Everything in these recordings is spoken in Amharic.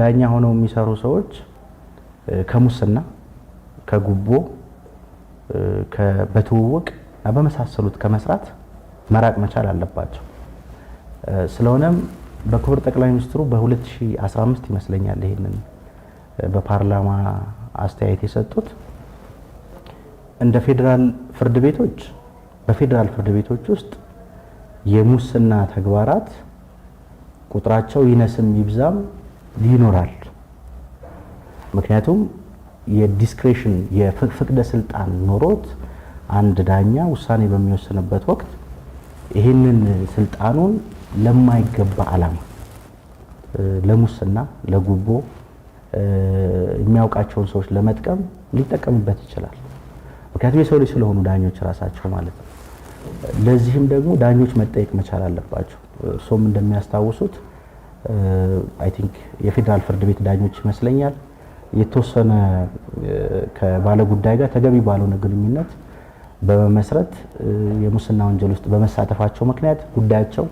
ዳኛ ሆነው የሚሰሩ ሰዎች ከሙስና፣ ከጉቦ፣ በትውውቅ በመሳሰሉት ከመስራት መራቅ መቻል አለባቸው። ስለሆነም በክቡር ጠቅላይ ሚኒስትሩ በ2015 ይመስለኛል ይህንን በፓርላማ አስተያየት የሰጡት እንደ ፌዴራል ፍርድ ቤቶች በፌዴራል ፍርድ ቤቶች ውስጥ የሙስና ተግባራት ቁጥራቸው ይነስም ይብዛም ይኖራል። ምክንያቱም የዲስክሬሽን የፍቅደ ስልጣን ኖሮት አንድ ዳኛ ውሳኔ በሚወስንበት ወቅት ይህንን ስልጣኑን ለማይገባ ዓላማ ለሙስና፣ ለጉቦ የሚያውቃቸውን ሰዎች ለመጥቀም ሊጠቀምበት ይችላል። ምክንያቱም የሰው ልጅ ስለሆኑ ዳኞች ራሳቸው ማለት ነው። ለዚህም ደግሞ ዳኞች መጠየቅ መቻል አለባቸው። እሱም እንደሚያስታውሱት አይ ቲንክ የፌዴራል ፍርድ ቤት ዳኞች ይመስለኛል የተወሰነ ከባለ ጉዳይ ጋር ተገቢ ባልሆነ ግንኙነት በመመስረት የሙስና ወንጀል ውስጥ በመሳተፋቸው ምክንያት ጉዳያቸው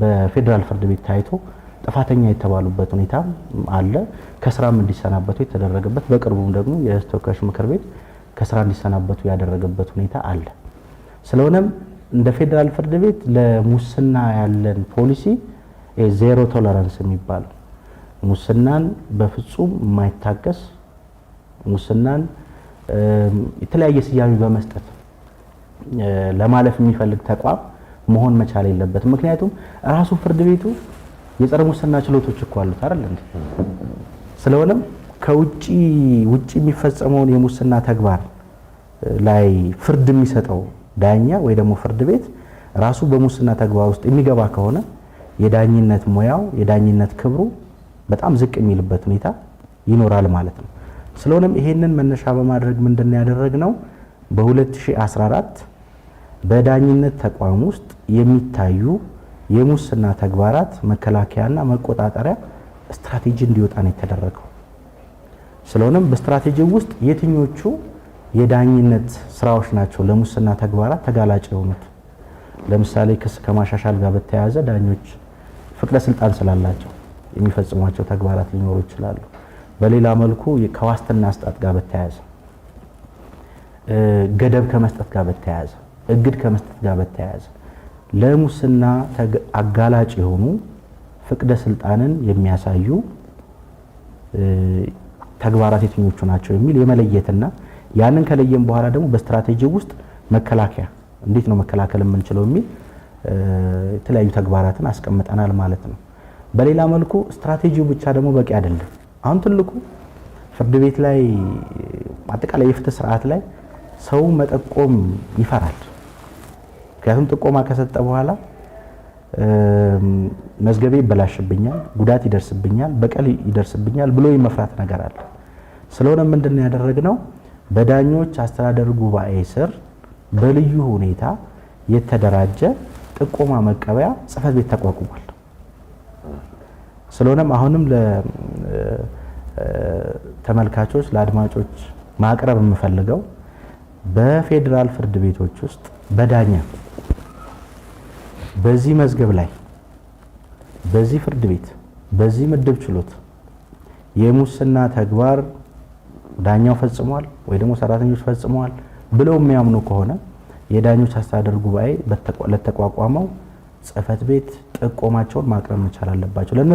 በፌዴራል ፍርድ ቤት ታይቶ ጥፋተኛ የተባሉበት ሁኔታ አለ። ከስራም እንዲሰናበቱ የተደረገበት፣ በቅርቡም ደግሞ የሕዝብ ተወካዮች ምክር ቤት ከስራ እንዲሰናበቱ ያደረገበት ሁኔታ አለ። ስለሆነም እንደ ፌዴራል ፍርድ ቤት ለሙስና ያለን ፖሊሲ ዜሮ ቶለራንስ የሚባለው ሙስናን በፍጹም የማይታገስ ሙስናን የተለያየ ስያሜ በመስጠት ለማለፍ የሚፈልግ ተቋም መሆን መቻል የለበትም። ምክንያቱም ራሱ ፍርድ ቤቱ የጸረ ሙስና ችሎቶች እኮ አሉት አይደል እንዴ? ስለሆነም ከውጭ ውጭ የሚፈጸመውን የሙስና ተግባር ላይ ፍርድ የሚሰጠው ዳኛ ወይ ደግሞ ፍርድ ቤት ራሱ በሙስና ተግባር ውስጥ የሚገባ ከሆነ የዳኝነት ሙያው የዳኝነት ክብሩ በጣም ዝቅ የሚልበት ሁኔታ ይኖራል ማለት ነው። ስለሆነም ይሄንን መነሻ በማድረግ ምንድን ነው በ2014 በዳኝነት ተቋም ውስጥ የሚታዩ የሙስና ተግባራት መከላከያና መቆጣጠሪያ ስትራቴጂ እንዲወጣ ነው የተደረገው። ስለሆነም በስትራቴጂ ውስጥ የትኞቹ የዳኝነት ስራዎች ናቸው ለሙስና ተግባራት ተጋላጭ የሆኑት? ለምሳሌ ክስ ከማሻሻል ጋር በተያያዘ ዳኞች ፍቅደ ስልጣን ስላላቸው የሚፈጽሟቸው ተግባራት ሊኖሩ ይችላሉ። በሌላ መልኩ ከዋስትና አሰጣጥ ጋር በተያያዘ ገደብ ከመስጠት ጋር በተያያዘ እግድ ከመስጠት ጋር በተያያዘ ለሙስና አጋላጭ የሆኑ ፍቅደ ስልጣንን የሚያሳዩ ተግባራት የትኞቹ ናቸው የሚል የመለየትና ያንን ከለየም በኋላ ደግሞ በስትራቴጂ ውስጥ መከላከያ እንዴት ነው መከላከል የምንችለው የሚል የተለያዩ ተግባራትን አስቀምጠናል ማለት ነው። በሌላ መልኩ ስትራቴጂው ብቻ ደግሞ በቂ አይደለም። አሁን ትልቁ ፍርድ ቤት ላይ አጠቃላይ የፍትህ ስርዓት ላይ ሰው መጠቆም ይፈራል። ምክንያቱም ጥቆማ ከሰጠ በኋላ መዝገቤ ይበላሽብኛል፣ ጉዳት ይደርስብኛል፣ በቀል ይደርስብኛል ብሎ የመፍራት ነገር አለ። ስለሆነ ምንድን ነው ያደረግነው? በዳኞች አስተዳደር ጉባኤ ስር በልዩ ሁኔታ የተደራጀ ጥቆማ መቀበያ ጽህፈት ቤት ተቋቁሟል። ስለሆነም አሁንም ለተመልካቾች ለአድማጮች ማቅረብ የምፈልገው በፌዴራል ፍርድ ቤቶች ውስጥ በዳኛ በዚህ መዝገብ ላይ በዚህ ፍርድ ቤት በዚህ ምድብ ችሎት የሙስና ተግባር ዳኛው ፈጽሟል ወይ ደግሞ ሰራተኞች ፈጽመዋል ብለው የሚያምኑ ከሆነ የዳኞች አስተዳደር ጉባኤ ለተቋቋመው ጽህፈት ቤት ጥቆማቸውን ማቅረብ መቻል አለባቸው።